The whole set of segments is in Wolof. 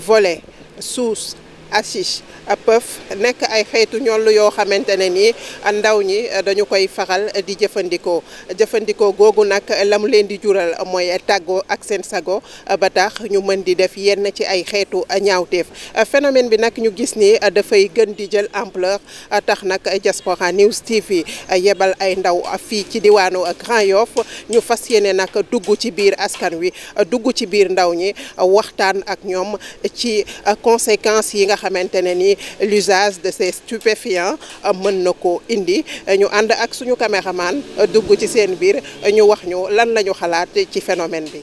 volet suus hashish peuf nek ay xeetu ñoll yo xamantene ni ndaw ñi eh, dañu koy faral di jëfëndiko jëfëndiko gogu nak la leen di jural moy taggo ak sen sago eh, ba tax ñu mën di def yenn ci ay xeetu ñaawteef eh, phénomène bi nak ñu gis ni fay gën di jël ampleur tax nak Diaspora News TV yebal ay ndaw fi ci diwaanu Grand Yoff ñu fas nak nag dugg ci biir askan wi dugg ci biir ndaw ñi waxtaan ak ñom ci conséquences yi nga xamante ne ni l'usage de ces stupéfiants euh, mën na ko indi ñu ànd ak suñu caméraman euh, dugg ci seen biir euh, ñu wax ñu lan lañu ñu xalaat ci phénomène bi.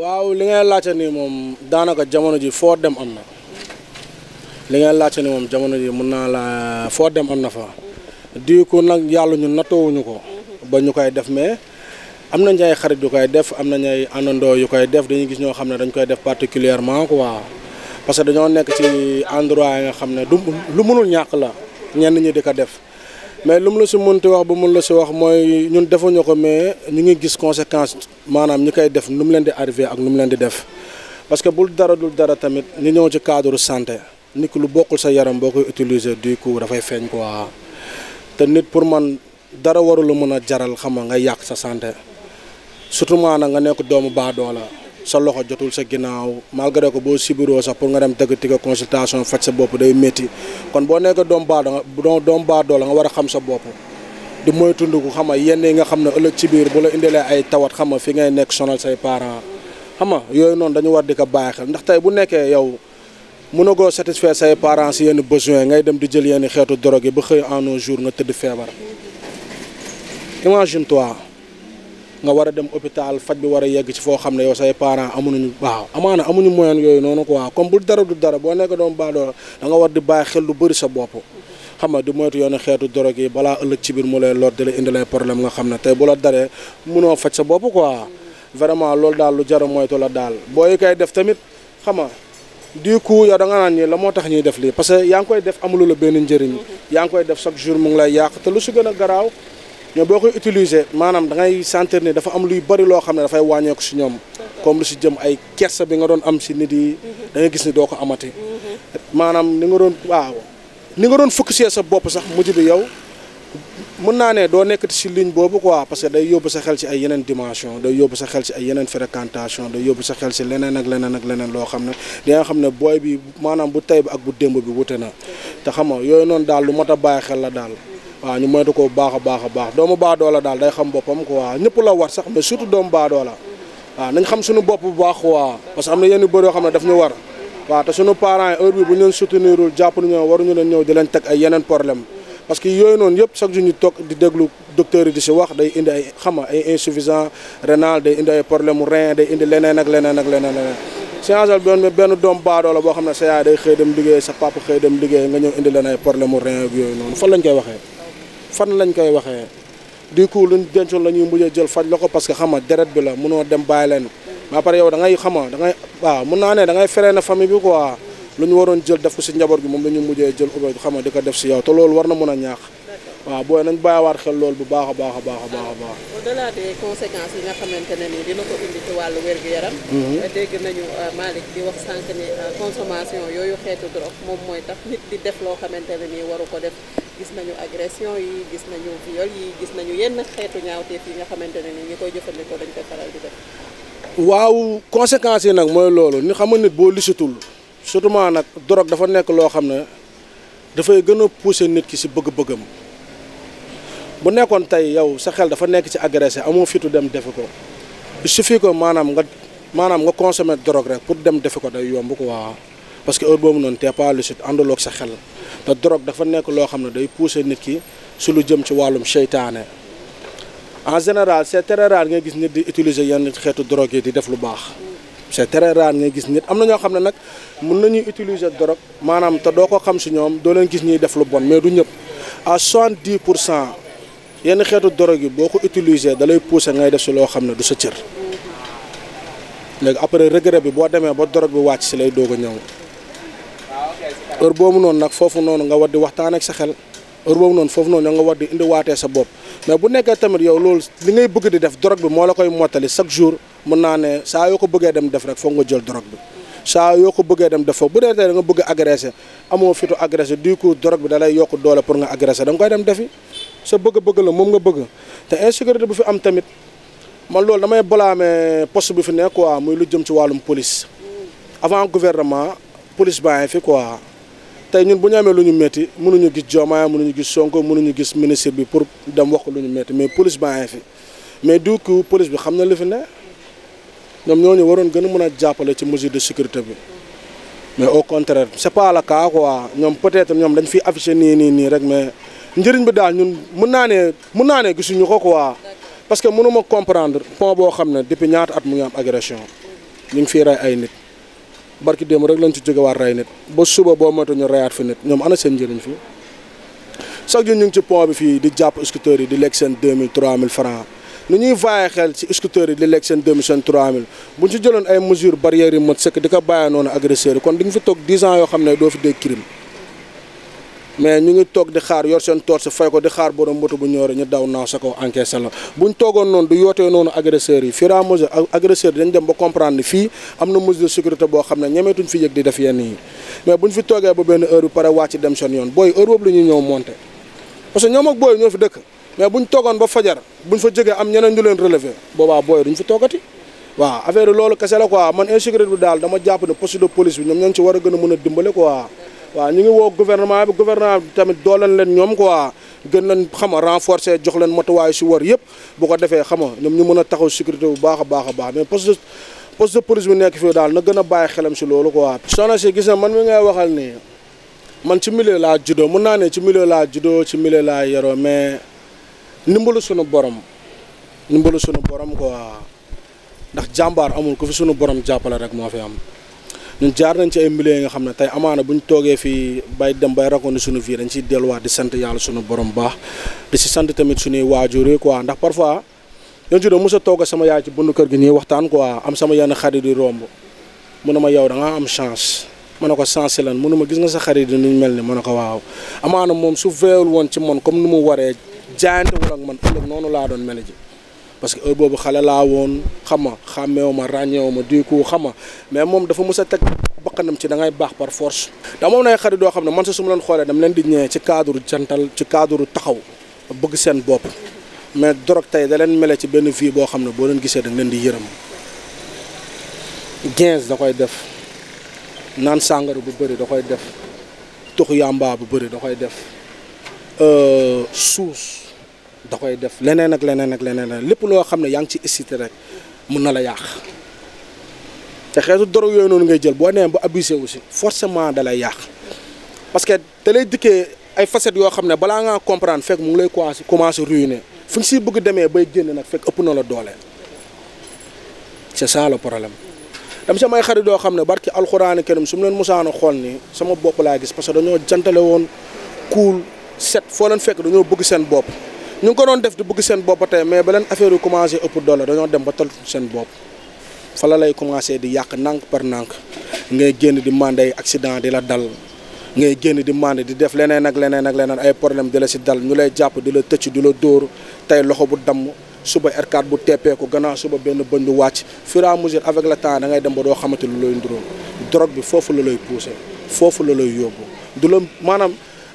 waaw li ngay laajte nii moom daanaka jamono ji foo dem na li ngay laajte moom jamono ji mun naa la foo dem am na fa. di ko nag yàlla ñu nattoowuñu ko. ba ñu koy def mais. amna ñay xarit yu koy def amna ñay anando yu koy def dañuy gis ño xamne dañ koy def particulièrement quoi parce que dañoo nekk ci endroit yi nga xamne lu mënul ñak la ñen ñi di def mais lu mënul su muntu wax bu mënul la wax moy ñun defu ko mais ñu ngi gis conséquence manam ñi koy def num leen di arriver ak num leen di def parce que bul dara dul dara tamit ñu ñëw ci cadre santé nit lu bokul sa yaram bokoy utiliser du coup fay feeñ quoi te nit pour man dara waru lu mëna jaral xam nga yak sa santé surtout nag nga nekk doomu baadoola sa loxo jotul sa ginnaaw malgré ko boo sibiroo sax pour nga dem dëgg tigga consultation faj sa bopp day métti kon boo nekk doomu baadoo doomu baadoola nga war a xam sa bopp di mooy tund ko xam nga yenn yi nga xam ne ëllëg si biir bu la indilee ay tawat xam nga fi ngay nekk sonal say parent xam nga yooyu noonu dañu war di ko bàyyi xel ndax tey bu nekkee yow mun a goo satisfaire say parents yenn besoin ngay dem di jël yenn xeetu drogue yi ba xëy en un jour nga tëdd feebar imagine toi nga wara dem hôpital faj bi wara yegg ci fo xamne yow say parents ñu baaw amana amunu moyen yoy nonu quoi comme bu dara du dara bo nek doom baado da nga war di bàyyi xel lu bëri sa bop xam nga du moytu yone xetu drogue yi bala ëllëg ci bir mu lay lor di la indi lay problème nga xamne tay bu la daré mëno faj sa bop quoi vraiment lool dal lu jara moytu la dal boy kay def tamit xam nga du coup da nga nan ni la moo tax ñuy def li parce que yang koy def amul lu benn njëriñ yang koy def chaque jour mu ngi lay yaq te lu su gëna graw ñoom boo koy utiliser maanaam dangay ngay sentir dafa am luy bari loo xam ne dafay wàññeeku si ñoom comme lu si jëm ay kersa bi nga doon am si nit yi da gis ni doo ko amati maanaam ni nga doon waaw ni nga doon focusé sa bopp sax mujj bi yow mën naa ne doo nekkati si ligne boobu ko parce que day yóbbu sa xel si ay yeneen dimension day yóbbu sa xel si ay yeneen fréquentation day yóbbu sa xel si leneen ak leneen ak leneen loo xam ne di nga xam ne booy bi maanaam bu tey bi ak bu démb bi wute na te xam nga yooyu noonu daal lu mot a bàyyi xel la daal waaw ñu moytu ko baax a baax a baax doomu daal day xam boppam quoi ñëpp la war sax mais surtout doomu baadoola waaw nañ xam suñu bopp bu baax quoi parce que am na yenn bëri yoo xam ne daf ñu war waaw jàpp nañu waruñu leen ñëw leen teg ay yeneen problème parce que yooyu noonu yëpp chaque jour ñu toog di wax day indi ay xama ay insuffisant rénal day indi ay problème mu rein day leneen ak leneen ak leneen leneen changeal benn benn doom baadoola boo xam ne sa yaay day xëy dem liggéey sa papa xëy leen ay problème mu rein ak lañ koy waxee fan lañ koy waxee di coup luñ dencoon la ñuy mujj jël faj la ko parce que xam nga deret bi la mënoo dem bàyyi leen ba pare yow da ngay xam da ngay waaw mun naa ne da ngay feree na famille bi quoi lu ñu waroon jël def ko si njaboot gi moom la ñu mujjee jël ubbe xam nga di ko def si yow te loolu war na mun a ñaax waaw booy nañ bàyyiwaat xel loolu bu baax a baax a baax a baax a ah, baax au delà des conséquences yi nga xamante ne nii dina ko indi ci wàllu wér-gu-yaram mhm. eh, dégg nañu euh, Malick di wax sànq ni euh, consommation yooyu xeetu drogue moom mooy tax nit di def loo xamante ne nii waru ko def gis nañu agression yi gis nañu viol yi gis nañu yenn xeetu ñaawteef yi nga xamante ne nii ñi koy jëfandikoo dañ koy faral di def waaw conséquences yi nag mooy loolu ni xam nga nit boo lisatul surtout nag drogue dafa nekk loo xam ne dafay gën a pousser nit ki si bëgg-bëggam bu nekkoon tey yow sa xel dafa nekk ci agressé amoo fitu dem defi ko il suffit que maanaam nga maanaam nga consommer drogue rek pour dem defi ko day yomb ko waa parce que heure boobu noonu t'es pas lucide àndaloog sa xel te drogue dafa nekk loo xam ne day pousser nit ki su lu jëm ci wàllum seytaane en général c'est très rare ngay gis nit di utiliser yenn xeetu drogue di def lu baax c'est très rare ngay gis nit am na ñoo xam ne nag mun nañuy utiliser drogue maanaam te doo ko xam si ñoom doo leen gis ñuy def lu bon mais du ñëpp à soixante-dix pour cent yenn xeetu drogue yi boo ko utiliser da lay pousser ngay def si loo xam ne du sa cër léegi après regret bi boo demee ba drogue bi wàcc si lay doog a ñëw heure boobu noonu nag foofu noonu nga war di waxtaan ak sa xel heure boobu noonu foofu noonu nga war di indiwaatee sa bopp mais bu nekkee tamit yow loolu li ngay bëgg di def drogue bi moo la koy mottali chaque jour mën naa ne saa yoo ko bëggee dem def rek foog nga jël drogue bi saa yoo ko bëggee dem def foog bu dee tey da nga bëgg agressé amoo fitu agressé du coup drogue bi da lay yokk doole pour nga agressé da nga koy dem defi ce bëgg-bëgg la moom te insécurité bu fi am tamit man loolu damay balaame poste de fi quoi muy lu jëm police avant gouvernement police baay fi quoi tay ñun bu ñu lu ñu mënuñu Sonko bi pour mais police baay fi mais du coup police bi na fi ne a mëna la ci de sécurité mais au contraire c'est pas la cas quoi peut-être ñom dañ ni ni mais. njëriñ bi daal ñun mun naa ne mun naa ne gisuñu ko quoi parce que mënuma comprendre pont boo xam ne depuis ñaata at mu ngi am agression ñu ngi fi rey ay nit barki démb rek lañ ci jógewaat rey nit ba suba boo moytu ñu reyaat fi nit ñoom ana seen njëriñ fii chaque jour ñu ngi ci pont bi fii di jàpp scooters yi di lekk seen 2000 3000 francs nu ñuy bàyyi xel ci scooters yi di lekk seen 2000 seen 3000 bu ñu ci jëloon ay mesures barrières yu mat sëkk fi toog 10 ans yoo xam ne doo fi dégg crime mais ñu ngi toog di xaar yor seen toor si fay ko di xaar borom moto bu ñoore ñu daw naaw sa kaw encaissé la buñ toogoon noonu du yootee noonu agresseurs yi fur am na mesure boo xam ne ñemeetuñ fi yëg di def yenn yi mais buñ fi toogee ba benn heure bi pare wàcc dem seen yoon booy heure boobu la ñëw monté parce que ñoom booy ñoo fi dëkk mais buñ toogoon ba fajar buñ fa jógee am ñeneen ñu leen relever boobaa booy duñ fi toogati waaw affaire loolu kese la quoi man insécurité bi daal dama jàpp war a gën a mën waa ñu ngi woo gouvernement bi gouvernement bi tamit dooleen leen ñoom quoi gën leen xam a renforcer jox leen matuwaay si war yëpp bu ko defee xam a ñoom ñu mën a taxaw sécurité bu baax a baax a baax mais poste de poste de police bi nekk fii daal na gën a bàyyi xelam si loolu quoi. soxna si gis na man mi ngay waxal nii man ci milieu laa juddoo mun naa ne ci milieu laa juddoo ci milieu laa yaroo mais ndimbalu sunu borom nimbalu sunu borom quoi ndax jàmbaar amul ku fi sunu borom jàppale rek moo fi am. ñun jaar nañ ci ay millions yi nga xam ne tey amaana bu ñu toogee fii bay dem bay raconter suñu vie dañ ciy delluwaat di sant yàlla suñu borom baax di si sant tamit suñuy waajur yi quoi ndax parfois ñoo ci doon mos a toog sama yaay ci bundu kër gi nii waxtaan quoi am sama yenn xarit di romb mu ne ma yow da ngaa am chance ma ne ko chance lan mu ne ma gis nga sa xarit yi ñu mel ni ma ne ko waaw amaana moom su veewul woon ci man comme nu mu waree jaayante wul ak man noonu laa doon mel ji parce que heure boobu xale laa woon xama xàmmeewu ma ràññeewu ma diiku xama mais moom dafa mës a teg bakkanam ci da ngay baax par force ndax moom nay xarit doo xam ne man sa su leen xoolee dama leen di ñëwee ci cadre jantal ci cadre taxaw bëgg seen bopp mais drogue tey da leen mele ci benn vie boo xam ne boo leen gisee da leen di yërëm gens da koy def naan sàngara bu bëri da koy def tux yàmbaa bu bëri da koy def euh, suus da koy def leneen ak leneen ak leneen lépp loo xam ne yaa ngi ci excité rek mun na la yàq te xeetu doro yooyu noonu ngay jël boo nee ba abusé aussi forcément da lay yàq parce que te lay dikkee ay facettes yoo xam ne balaa ngaa comprendre fekk mu ngi lay commencé commencé ruiner fu ñu siy bëgg demee bay génn nag fekk ëpp na la doole c'est ça la problème. dam samay xarit doo xam ne barki alxuraani kenn su mu leen musaana xool ni sama bopp laa gis parce que dañoo jantale woon kuul set foo leen fekk dañoo bëgg seen bopp. ñu ngi ko doon def di bëgg seen bopp tey mais ba leen affaire yu commencé ëpp doole dañoo dem ba tal seen bopp fa la lay commencé di yàq nànk par nànk ngay génn di mandé accident di la dal ngay génn di mandé di def leneen ak leneen ak leneen ay problème di la si dal ñu lay jàpp di la tëcc di la dóor tey loxo bu damm suba R4 bu teppeeku gannaaw suba benn bëñ bu wàcc fur et à mesure avec le temps da ngay dem ba doo xamante lu lay nduróo drogue bi foofu la lay poussé foofu la lay yóbbu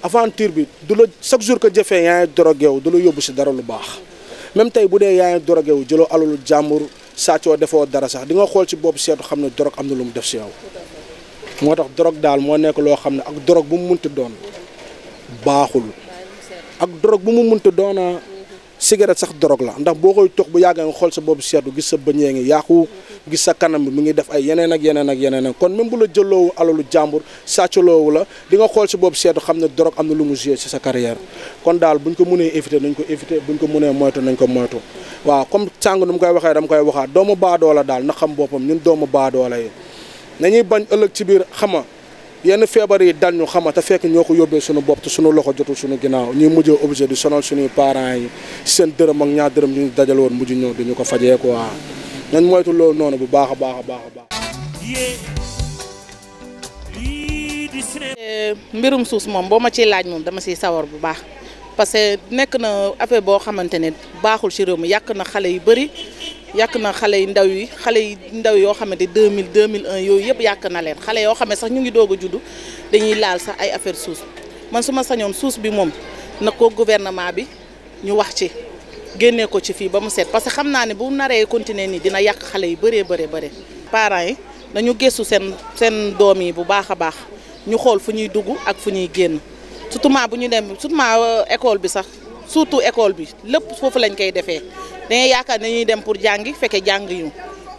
aventure bi du la chaque jour que jëfee yaa ngi du la yóbbu si dara lu baax même tey bu dee yaa ngi drogué wu jëloo alalu jàmbur sàccoo defoo dara sax di nga xool ci boobu seetu xam ne drogue am na lu mu def si yow. moo tax drogue daal moo nekk loo xam ne ak drogue bu mu munti doon baaxul ak drogue bu doona cigarette sax drogue la ndax boo koy tox bu yàgg nga xool sa boobu seetu gis sa bëñee ngi yàqu gis sa kanam bi mu ngi def ay yeneen ak yeneen ak yeneen ak kon même bu la jëloowu alalu jàmbur sàccaloowu la di nga xool si boobu seetu xam ne drogue am na lu mu joué ci sa carrière kon daal buñ ko mënee éviter nañ ko bu buñ ko mënee moytu nañ ko moytu waaw comme sàng nu mu koy waxee dama koy waxaat doomu baadoola daal na xam boppam ñun doomu baadoola yi nañuy bañ ëllëg ci biir xama yenn feebar yi dal ñu xama te fekk ñoo ko yóbbee suñu bopp te suñu loxo jotul suñu ginnaaw ñuy mujj obligé di sonal suñuy parent yi seen dërëm ak ñaar dërëm ñu dajal woon mujj ñëw di ko fajee quoi nañ moytu loolu noonu bu baax a baax baax a baax. Eh, mbirum suus moom boo ma ciy laaj moom dama siy sawar bu baax parce que nekk na affaire boo xamante ne baaxul ci réew mi yàkk na xale yu bëri yàq na xale yi ndaw yi xale yi ndaw yoo xamante 2000 un yooyu yëpp yàq na leen xale yoo xam ne sax ñu ngi doog a juddu dañuy laal sax ay affaire suus man su ma sañoon suus bi moom na koo gouvernement bi ñu wax ci génnee ko ci fii ba mu set parce que xam naa ne bu naree continuer nii dina yàq xale yi bëree bëree bëri. parent yi nañu gëstu seen seen doom yi bu baax a baax ñu xool fu ñuy dugg ak fu ñuy génn surtout bu ñu dem surtout euh, école bi sax. surtout école bi lepp fofu lañ koy defee dangay yaakaar ne ñuy dem pour jàngi fekkee jang ñu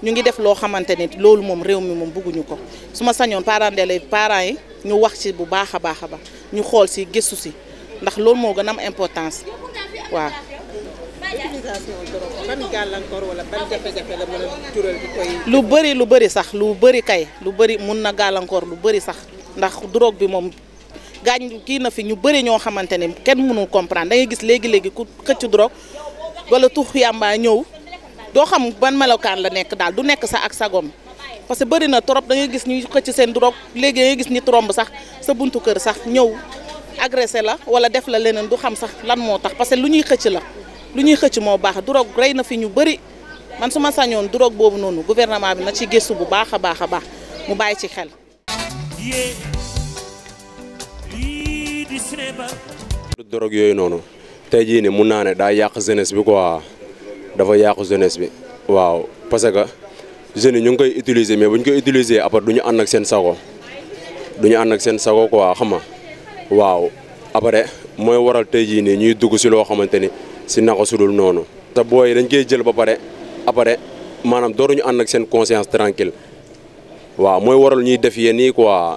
ñu ngi def lo xamanteni loolu mom réew mi moom bëgguñu ko suma sañon parents délé parents yi ñu wax ci bu baaxa baaxa ba ñu xol si gëssu si ndax loolu mo gëna am importance wa lu bari lu bari sax lu bari kay lu bari mën na galankor lu bari sax ndax drogue bi mom gaañ kii na fi ñu bëri ñoo xamante ne kenn mënul comprendre da gis léegi-léegi ku xëcc drogue wala tux yàmba ñëw doo xam ban melokaan la nekk daal du nekk sax ak sagom parce que bëri na trop da ngay gis ñuy xëcc seen drogue léegi da ngay gis nit romb sax sa buntu kër sax ñëw agressé la wala def la leneen du xam sax lan moo tax parce que lu ñuy xëcc la lu ñuy xëcc moo baax drogue rey na fi ñu bëri man su ma sañoon drogue boobu noonu gouvernement bi na ci gëstu bu baax a baax a baax mu bàyyi ci xel. drogue yooyu noonu tey jii nii mun naa ne daa yàq jeunesse bi quoi dafa yàq jeunesse bi waaw parce que jeunes yi ñu ngi koy utiliser mais bu ñu koy utiliser après du ñu ànd ak seen sago du ñu ànd ak seen sago quoi xama waaw après mooy waral tey jii nii ñuy dugg si loo xamante ni si naka sudul noonu. te boo yi dañ koy jël ba pare après maanaam dooruñu ànd ak seen conscience tranquille waaw mooy waral ñuy def yéen nii quoi.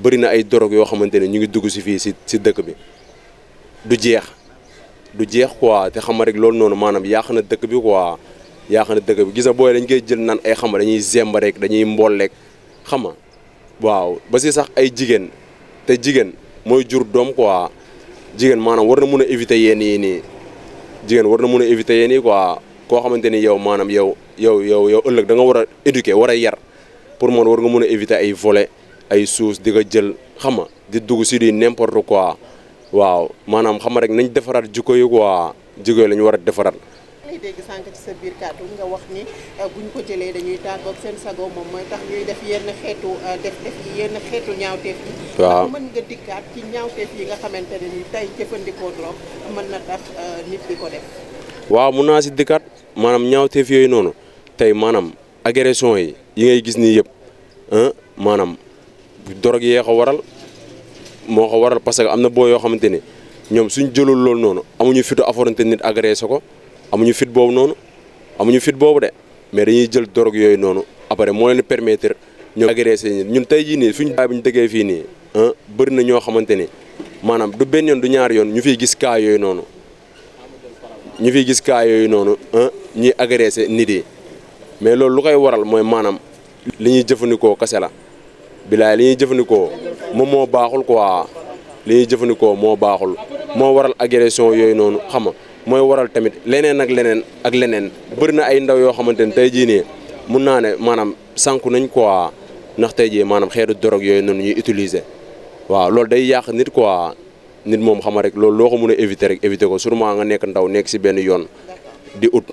bëri na ay dorog yoo xamante ne ñu ngi dugg si fii si si dëkk bi du jeex du jeex quoi te xam rek loolu noonu maanaam yàq na dëkk bi quoi yàq na dëkk bi gis nga booy dañ koy jël naan ay xama dañuy zemb rek dañuy mbool rek xam nga waaw ba si sax ay jigéen te jigéen mooy jur doom quoi jigéen maanaam war na mun a éviter yenn yi nii jigéen war na mun a éviter yenn yi koo xamante ni yow maanaam yow yow yow yow ëllëg da nga war a éduquer war a yar pour moom war nga mun a éviter ay volet ay suus di ko jël xam nga di dugg si di n'importe quoi waaw maanaam xam rek nañ defaraat jikko yi quoi jikko yi la ñu war a defaraat. lay dégg sànq ci sa biir kàddu nga wax ni euh, buñ ko jëlee dañuy tàggoog seen sago moom mooy tax ñuy def yenn xeetu euh, def def yi. waaw nga dikkaat ci jëfandikoo drogue mën na tax euh, nit di ko def. waaw mun naa si dikkaat maanaam ñaawteef yooyu noonu tey maanaam agression yi yi ngay gis nii yëpp maanaam. dorog yee ko waral moo ko waral parce que am na boo yoo xamante ni ñoom suñ jëlul loolu noonu amuñu fitu affronte nit agressé ko amuñu fit boobu noonu amuñu fit boobu de mais dañuy jël dorog yooyu noonu après moo leen permettre ñoom agressé nit ñun tey jii nii suñ baay bu ñu fii nii ah, bëri na ñoo xamante ni maanaam du du ñaari yoon ñu fiy gis cas yooyu noonu ñu fiy gis cas yooyu noonu ah, ñuy agressé nit yi mais loolu lu koy waral mooy maanaam li ñuy jëfandikoo kase la bilaay li ñuy jëfandikoo moom moo baaxul quoi li ñuy jëfandikoo moo baaxul moo waral agression yooyu noonu xam nga mooy waral tamit leneen ak leneen ak leneen bëri na ay ndaw yoo xamante ne tey jii nii mun naa ne maanaam sànku nañ quoi ndax tey jii maanaam xeetu drogue yooyu noonu ñuy utiliser waaw loolu day yàq nit quoi nit moom xama rek loolu loo ko mun a éviter rek éviter ko sûrement nga nekk ndaw nekk si benn yoon di ut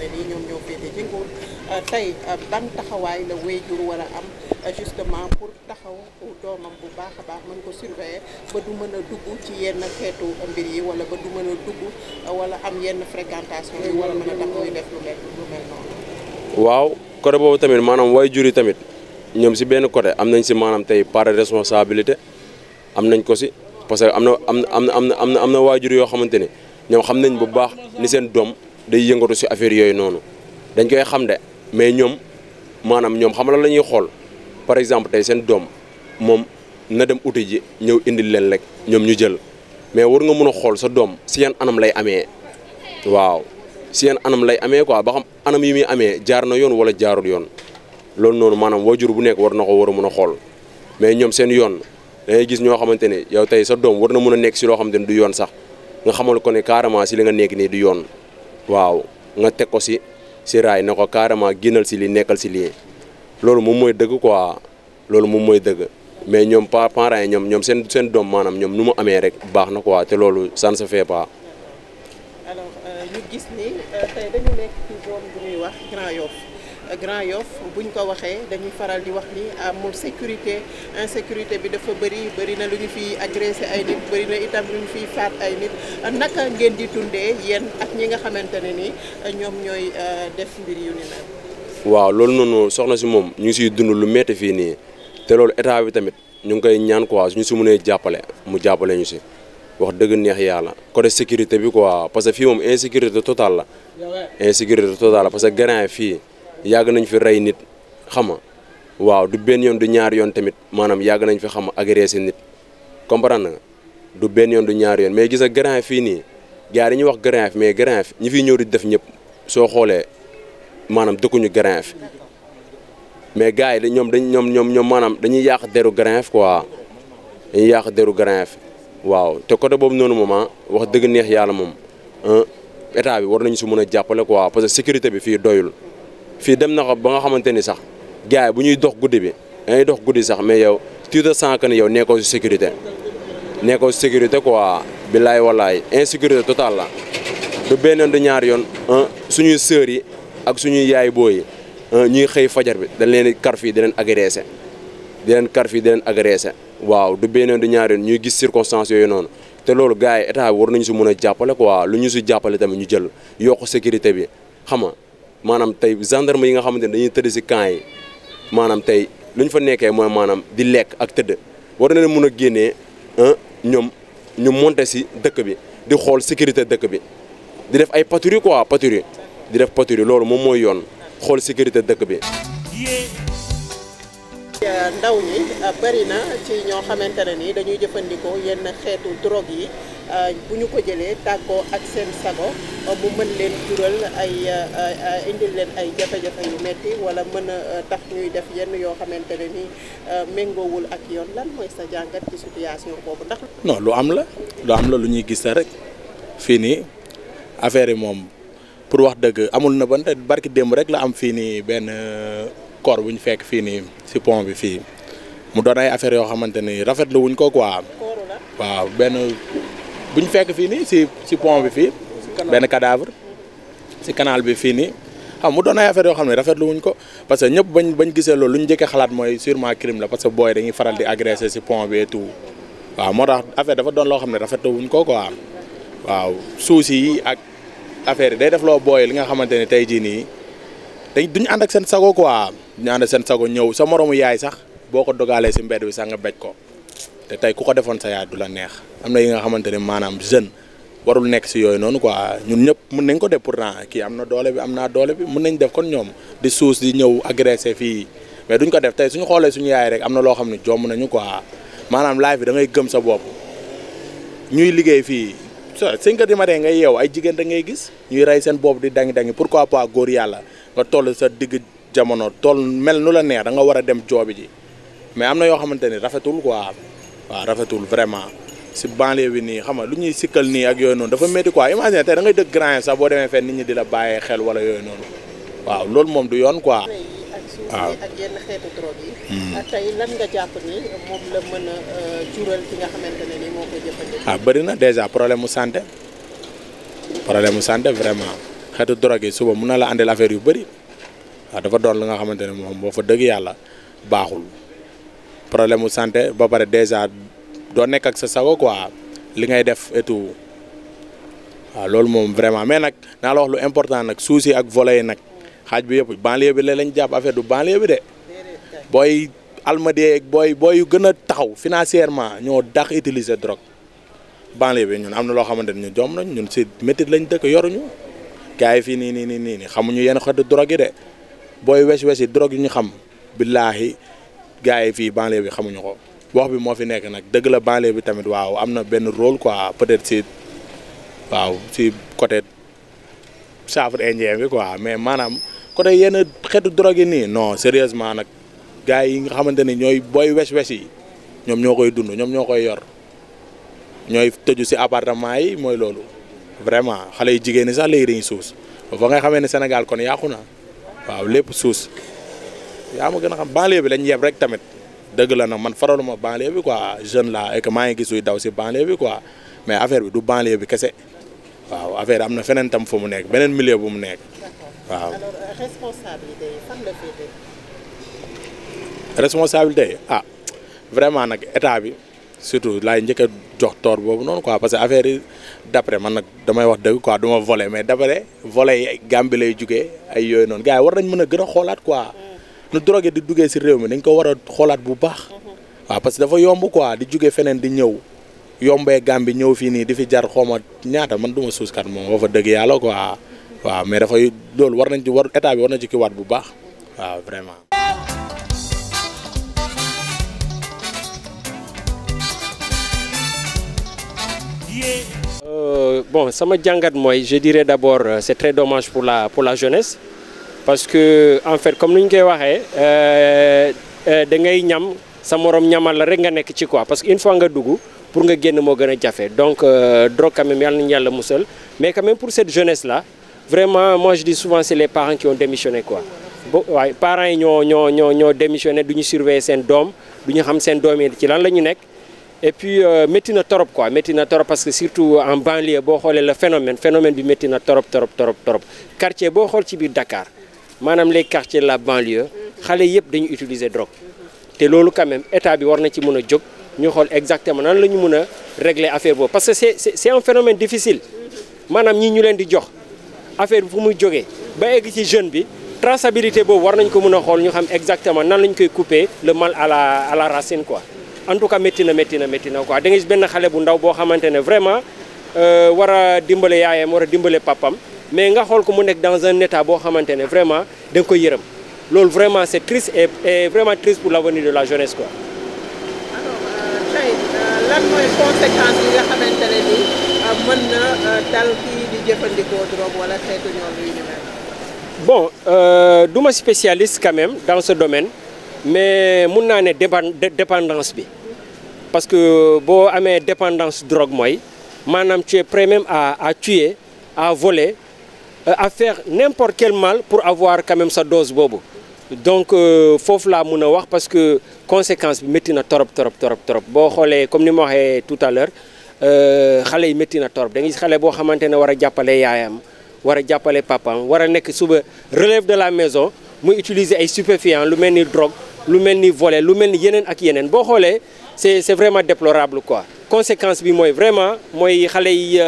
nii ñoom ñoo féete ci nguur euh, tey euh, ban taxawaay la waajur war am euh, justement pour taxaw doomam bu baax baax mën ko surveiller ba du mën a dugg ci yenn xeetu mbir yi wala ba du mën a dugg wala am yenn fréquentation waaw côté boobu tamit maanaam jur yi tamit ñoom si benn côté am nañ si maanaam tey part de responsabilité am nañ ko si parce que am na am na am na am na am na waajur yoo xamante ni ñoom xam nañ bu baax ni seen doom. day yëngatu si affaire yooyu noonu dañ koy xam de mais ñoom maanaam ñoom xam la la ñuy xool par exemple tey seen doom moom na dem uti ji ñëw indil leen rek ñoom ñu jël mais war nga mun a xool sa doom si yan anam lay amee waaw si yan anam lay amee quoi ba xam anam yi muy amee jaar na yoon wala jaarul yoon loolu noonu maanaam waajur bu nekk war na ko war a mun a xool mais ñoom seen yoon da gis ñoo xamante ne yow tey sa doom war na mun a nekk si loo xamante ne du yoon sax nga xamal ko ne carrément si li nga nekk nii du yoon. waaw nga teg ko si si raay na ko carrément génnal si lii nekkal si lii loolu moom mooy dëgg quoi loolu moom mooy dëgg mais ñoom pa parents yi ñoom ñoom seen seen doom maanaam ñoom nu mu amee rek baax na quoi te loolu sans ne se Grand yof buñ ko waxé dañuy faral di wax ni amul sécurité insécurité bi dafa bari fi na luñu fi agresser ay nit bari na itam luñu fi fat, faat ay nit naka ngeen di tundé yeen ak ñi nga xamante ni ñom ñoy euh, def mbir yu ni mel. waaw loolu noonu soxna si mom ñu ci dund lu metti fi ni té lool état bi tamit ñu ngi ñaan quoi ñu ci mëne jappalé mu jappalé ñu ci wax deug neex ko de sécurité bi quoi parce que fi mom insécurité totale la insécurité totale parce que fi yàgg nañu fi rey nit xam nga waaw du benn yoon du ñaar yoon tamit maanaam yàgg nañ fi xam agressé nit comprendre nga du benn yoon du ñaar yoon mais gis nga Grand fii nii gars yi wax Grand Yoff mais Grand Yoff ñi fiy ñëw di def ñëpp soo xoolee maanaam dëkkuñu Grand Yoff mais gars yi da ñoom dañ ñoom ñoom ñoom maanaam dañuy yàq deru Grand Yoff quoi yàq deru Grand waaw te côté boobu noonu moom ah, wax dëgg neex yàlla moom ah, état bi war nañu si mën a jàppale ko parce que sécurité bi fii doyul fii dem na ko ba nga xamante ni sax gars yi bu ñuy dox guddi bi dañuy dox guddi sax mais yow tu te sens que ni yow nekkoo si sécurité nekkoo si sécurité waa billaay wallaay insécurité totale la du beneen du ñaar yoon suñuy sœurs yi ak suñuy yaay booy yi ñuy xëy fajar bi dañ leen kar fii di leen agressé di leen kar fii di leen agressé waaw du benn du ñaar yoon ñuy gis circonstances yooyu noonu te loolu gars yi bi war nañu si mun a jàppale quoi lu ñu si jàppale tamit ñu jël yokk sécurité bi xam nga maanaam tey gendarme yi nga xamante ne dañuy tëdd si camp yi maanaam tey lu ñu fa nekkee mooy maanaam di lekk ak tëdd war na leen mun a génnee ah, ñoom ñu monter si dëkk bi di xool sécurité dëkk bi di def ay patrouille quoi patrouille di def patrouille loolu moom mooy yoon xool sécurité dëkk bi. ndaw ñi ah, bari ci ñoo xamante ne ni dañuy jëfandikoo yenn xeetu drogue yi. bu ñu ko jëlee tàggoo ak seen sago mu mën leen jural ay indil leen ay jafe-jafe yu metti wala mën a euh, tax ñuy def yenn yoo xamante ne ni euh, méngoowul ak yoon lan mooy sa jàngat ci situation boobu ndax. lu am la lu am la lu ñuy gis rek fii nii affaire yi moom pour wax dëgg amul na ban barki démb rek la am fii nii benn corps euh, bu ñu fekk fii nii si pont bi fii mu doon ay affaire yoo xamante ni rafetlu wuñ ko quoi. waaw benn. bu ñu fekk fii nii si si pont bi fii. benn cadavre si canal bi fii nii. xam mu doon ay affaire yoo xam ne rafetlu wuñ ko parce que ñëpp bañ bañ gisee loolu lu ñu njëkkee xalaat mooy sûrement crime la parce que booy dañuy faral di agressé si pont bi et tout waaw moo tax affaire dafa doon loo xam ne rafetlu wuñ ko quoi waaw suusi yi ak affaire yi day def loo booy li nga xamante ne tey jii nii dañ duñ ànd ak seen sago quoi duñu ànd ak seen sago ñëw sa moromu yaay sax boo ko dogalee si mbedd bi sax nga bej ko. te tey ku ko defoon sa yaay du la neex am na yi nga xamante ne maanaam jeune warul nekk si yooyu noonu quoi ñun ñëpp mun nañ ko def pourtant kii am na doole bi am naa doole bi mun nañ def kon ñoom di suus di ñëw agressé fii mais duñ ko def tey suñu xoolee suñu yaay rek am na loo xam ne jomm nañu quoi maanaam live bi da gëm sa bopp ñuy liggéey fii cinq heures du matin ngay yeew ay jigéen da ngay gis ñuy rey seen bopp di dangi-dangi pourquoi pas góor yàlla nga toll sa digg jamono toll mel nu la neex da nga war a dem joobi ji mais am na yoo xamante ni rafetul quoi waaw ah, rafetul vraiment si banlieue bi ni xam nga lu ñuy sikkal nii ak yooyu noonu dafa métti quoi imagine tey da ngay dëkk grand sax boo demee fenn nit ñi di la bàyyee xel wala yooyu noonu waaw loolu moom du yoon quoi. waaw ak yenn xeetu drogue yi. Hmm. Ah, tey lan nga jàpp ni moom la mën a euh, jural ki nga xamante ni moo ko jëfandikoo. ah bëri na dèjà problème mu santé problème mu santé vraiment xeetu drogue yi suba mun na la andil affaire yu bëri waaw ah, dafa doon li nga xamante ne moom boo fa dëgg yàlla baaxul. problème mu santé ba pare déjà doo nekk ak sa sago quoi li ngay def et waa loolu moom vraiment mais nag naa la wax lu important nag suusi ak volet yi nag xaaj bi yëpp banlieue bi la lañ jàpp affaire du banlieue bi de booy almadie booy booy yu gën a taxaw financièrement ñoo dax utiliser drogue banlieue bi ñun am na loo xamante ne ñun jom nañ ñun si métit lañ dëkk yoruñu gars yi fii nii nii nii nii xamuñu yenn xeetu drogue yi de booy wes wes yi drogue yu ñu xam billaahi gars yi fii banlieue bi xamuñu ko wax bi moo fi nekk nag dëgg la banlieue bi tamit waaw am na benn role quoi peut-être si waaw si côté saafara indien bi quoi mais maanaam côté yenn xeetu drogue nii non sérieusement nag gars yi nga xamante ni ñooy booy wes-wes yi ñoom ñoo koy dund ñoom ñoo koy yor ñooy tëju si appartement yi mooy loolu vraiment xale yi jigéen ñi sax léegi dañuy suus ba fa nga xamee ne Sénégal kon yàqu na waaw lépp suus yaa ma gën a xam banlieue bi lañ yeb rek tamit dëgg la nag man faraluma banlieue bi quoi jeune la et que maa ngi gis suy daw si banlieue bi quoi mais affaire bi du banlieue bi kese waaw affaire amna fenen tam fu mu nekk benen milieu bu mu nekk. waaw alors euh, responsabilité fam fan la responsabilité ah vraiment nak état bi surtout lay njëkk a jox toor boobu noonu quoi parce que affaire d'après man nak damay wax deug quoi duma voler mais d'après voler yi Gambie lay jugee ay yoy non gars war nañ mëna gëna gën a xoolaat quoi. Mm. nu drogue di duggé si réew mi dañ ko wara xolat bu baax wa parce que dafa yomb quoi di juggé fenen di ñëw yombé gambi ñëw fi ni di fi jar xoma ñaata man duma sous carte wax wafa deug yalla quoi wa mais dafa lool war nañ ci war état bi war nañ ci wat bu baax wa vraiment Euh, bon, ça me moi, je dirais d'abord, euh, c'est très dommage pour la, pour la jeunesse, parce que en fait comme nous ñu euh, waxee euh, da ngay ñam sa morom ñamal la rek nga nek ci quoi parce que une fois nga dugg pour nga génn mo gëna jafé donc euh, drogue quand même yàlla mais quand même pour cette jeunesse là vraiment moi je dis souvent c'est les parents qui ont démissionné quoi bo parents yi ñoo ñoo ñoo démissionné duñu surveiller sen doom duñu xam sen doom yi ci lan lañu nek et puis euh, metti na torop quoi metti na torop parce que surtout en banlieue bo xolé le phénomène phénomène bi metti na torop torop torop torop quartier bo xol ci biir Dakar manam les quartiers la banlieue xalé yépp dañu utiliser drogue té lolu quand même état bi war na ci mëna a ñu xol exactement nan lañu mëna régler affaire bo parce que c'est c'est un phénomène difficile manam ñi ñu leen di jox affaire bi fu muy jógee ba egg ci jeune bi traçabilité bo war nañ ko mëna xol ñu xam exactement nan lañ koy couper le mal à la à la racine quoi en tout cas metti na metti na metti na quoi da ngay gis benn bu ndaw bo xamante vraiment euh wara dimbalé yaayam wara dimbalé papam mais nga xool ko mu nek dans un état bo xamantene vraiment da nga koy yeureum loolu vraiment c'est triste et, et vraiment triste pour l'avenir de la jeunesse quoi. alors tey euh, euh, lan mooy conséquence yi nga xamante ne ni euh, mën na tal kii di jëfandikoo drogue wala xeetu ñoom yu ni mel. bon euh, duma spécialiste quand même dans ce domaine mais mun naa ne dépendance bi parce que boo amee dépendance drogue mooy maanaam tu es prêt même à à tuer à voler. Euh, à faire n'importe quel mal pour avoir quand même sa dose bobo. donc euh, faut la mun parce que conséquence bi métti na torop torop torop torop comme ni ma waxee tout à l'heure euh, xalé yi metti na torop da ngay xalé bo xamantene wara jappalé war a yaayam wara a relève de la maison mu utiliser ay stupéfiants lu melni drogue lu melni voler, lu melni yenen ak yenen bo xolé c'est c'est vraiment déplorable quoi conséquence bi moy vraiment moy xalé yi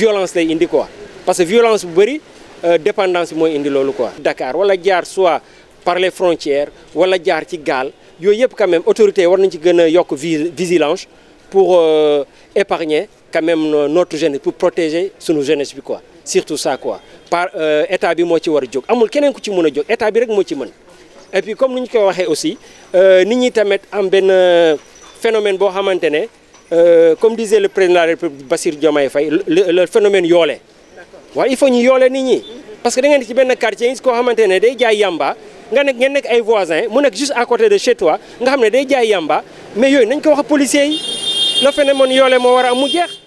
violence lay indi quoi parce que violence bu bëri euh, dépendance moy indi lolou quoi. Dakar wala jaar soit par les frontières wala jaar ci gal yooyu yëpp quand même autorité. war nañ ci gëna yok vigilance pour euh, épargner quand même euh, notre jeunesse pour protéger sunu jeunesse bi quoi surtout ça quoi par état bi mo ci war jog amul kenen ku ci mëna jog état bi rek mo ci mën et puis comme nous ñu ko aussi nit ñi tamet am ben phénomène bo xamante ne comme disait le président de la République Bassir Diomaye Faye le phénomène yolé waaye il faut ñu yoole ni ñi parce que da ngeen ci benn quartier yi koo xamante ne day jaay yamba nga nekk ngeen nekk ay voisins mu nekk juste à côté de chez toi nga xam ne day jaay yamba mais yooyu nañ ko wax policiers yi la fene moon yoole moo war am mu jeex.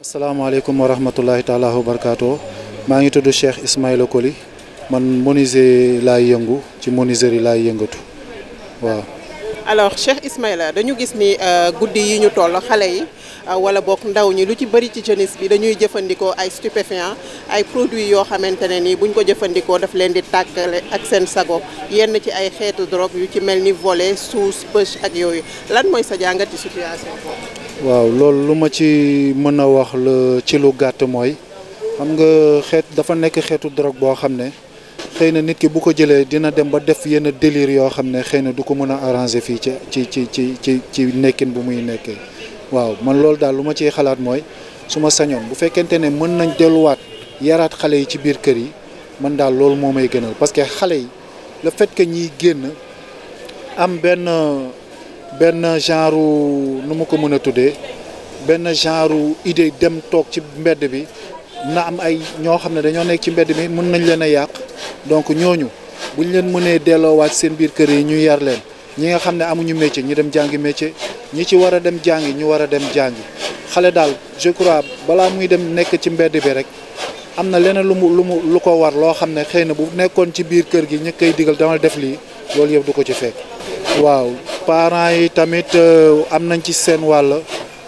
asalaamaaleykum wa rahmatullahi taala wa barakaatu maa ngi tudd Cheikh Ismaïla Koli man menuisier laay yëngu ci menuiserie laay yëngatu waaw. alors Cheikh la dañu gis ni euh, guddi yi ñu toll xale yi euh, wala bokk ndaw ñi lu ci bëri ci jeunesse bi dañuy jëfandikoo ay stupéfiants ay produits yoo xamante ne nii buñ ko jëfandikoo daf leen di tàkkale ak seen sago yenn ci ay xeetu drogue yu ci mel ni volet suus pëche ak yooyu lan mooy sa jàngat ci situation boobu. waaw loolu lu ma ci mën a wax la ci lu gàtt mooy xam nga xeet dafa nekk xeetu drogue boo xam ne. xëy na nit ki bu ko jëlee dina dem ba def yenn délire yoo xam ne xëy na du ko mën a arranger fii ci ci ci ci ci ci nekkin bu muy nekkee waaw man loolu daal lu ma ciy xalaat mooy su ma sañoon bu fekkente ne mën nañ delluwaat yaraat xale yi ci biir kër yi man daal loolu moo may gënal parce que xale yi le fait que ñiy génn am benn benn genre nu ma ko mën a tuddee benn genre idée dem toog ci mbedd bi na am ay ñoo xam ne dañoo nekk ci mbedd mi mun nañ leen a yàq donc ñooñu buñ leen mënee delloowaat seen biir kër yi ñu yar leen ñi nga xam ne amuñu métier ñu dem jàngi métier ñi ci war a dem jàngi ñu war a dem jàngi xale daal je crois balaa muy dem nekk ci mbedd bi rek am na leneen lu mu lu mu lu ko war loo xam ne xëy na bu nekkoon ci biir kër gi ñu koy digal dama def lii loolu yëpp du ko ci fekk. waaw parents yi tamit euh, am nañ ci seen wàll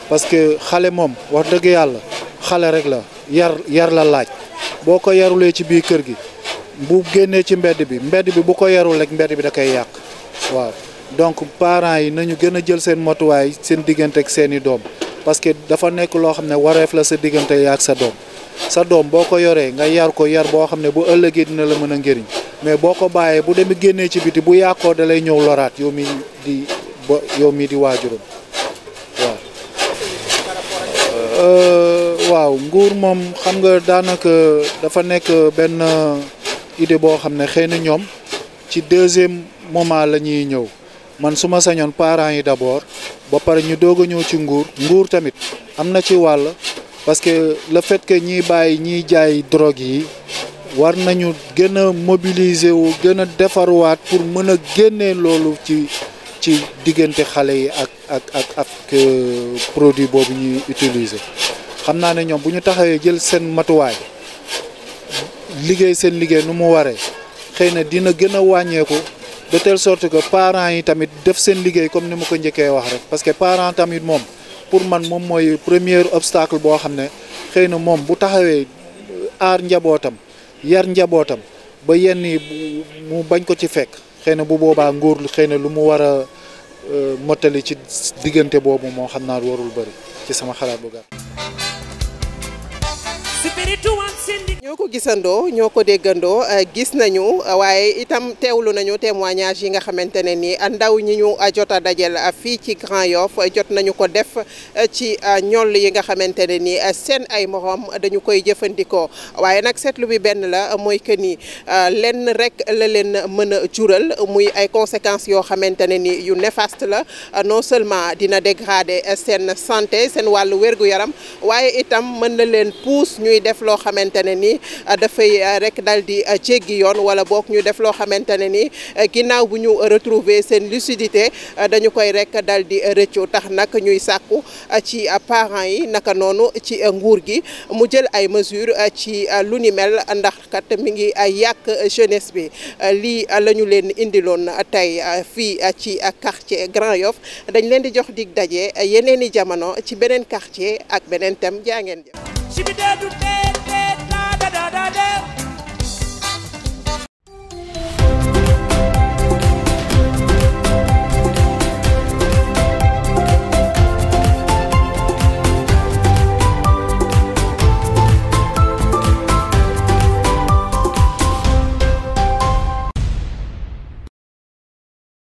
parce que xale moom wax dëgg yàlla xale rek la. yar yar la laaj boo ko yarulee ci biir kër gi bu génnee ci mbedd bi mbedd bi bu ko yarul rek mbedd bi da koy yàq waaw donc parents yi nañu gën a jël seen motuwaay seen diggante ak seeni doom parce que dafa nekk loo xam ne wareef la sa diggante ak sa doom sa doom boo ko yoree nga yar ko yar boo xam ne bu ëllëgee dina la mën a njëriñ mais boo ko bàyyee bu demee génnee ci biti bu yàqoo da lay ñëw loraat yow mi di yow mii di waajuram Euh, waaw nguur moom xam nga daanaka dafa nekk benn idée boo xam ne xëy na ñoom ci deuxième moment la ñuy ñëw man su ma sañoon parents yi d'abord ba pare ñu doog a ñëw ci nguur nguur tamit am na ci wàll parce que la fait que bàyyi ñiy jaay drogue yi war nañu gën a mobiliser wu gën a defarwaat pour mën a génnee loolu ci ci diggante xale yi ak ak ak ak euh, produit boobu ñuy utiliser xam naa ne ñoom bu ñu taxawee jël seen matuwaay liggéey seen liggéey nu mu waree xëy na dina gën a wàññeeku de telle sorte que parents yi tamit def seen liggéey comme ni ma ko njëkkee wax rek parce que parent tamit moom pour man premier obstacle bo xam ne mom na moom bu taxawee euh, aar njabootam yar njabootam ba yenn mu bañ ko ci fekk bu boobaa nguur xëy na lu mu mottali ci diggante boobu moo xam naa warul bari ci sama xalaat bu gàtt ñoko ko ñoko ñoo ko euh, gis nañu waaye itam téwlu nañu témoignage yi nga xamante ni ndaw ñi ñu jot dajel fi ci Grand Yoff jot nañu ko def euh, ci euh, ñoll yi nga xamante ne ni seen ay morom dañu koy jëfandikoo waaye nag seetlu bi ben la moy ke ni lenn rek la leen mëna a jural muy ay conséquences yo xamante ni yu néfaste la non seulement dina dégrader sen santé sen walu wérgu yaram waaye itam mëna na pousse ñuy ñuy def loo xamante ne ni euh, dafay euh, rek dal di euh, jéggi yoon wala boog ñu def loo xamante ne ni ginnaaw bu ñu retrouver seen lucidité dañu koy rek dal di rëccu tax nag ñuy sàkku ci parents yi naka noonu ci nguur gi mu jël ay mesures ci lu ni mel ndax kat mi ngi ay yàq jeunesse bi lii la leen indiloon tey fii ci quartier Grand Yoff dañ leen di jox di daje yeneeni jamono ci beneen quartier ak beneen thème jaa ngeen jëf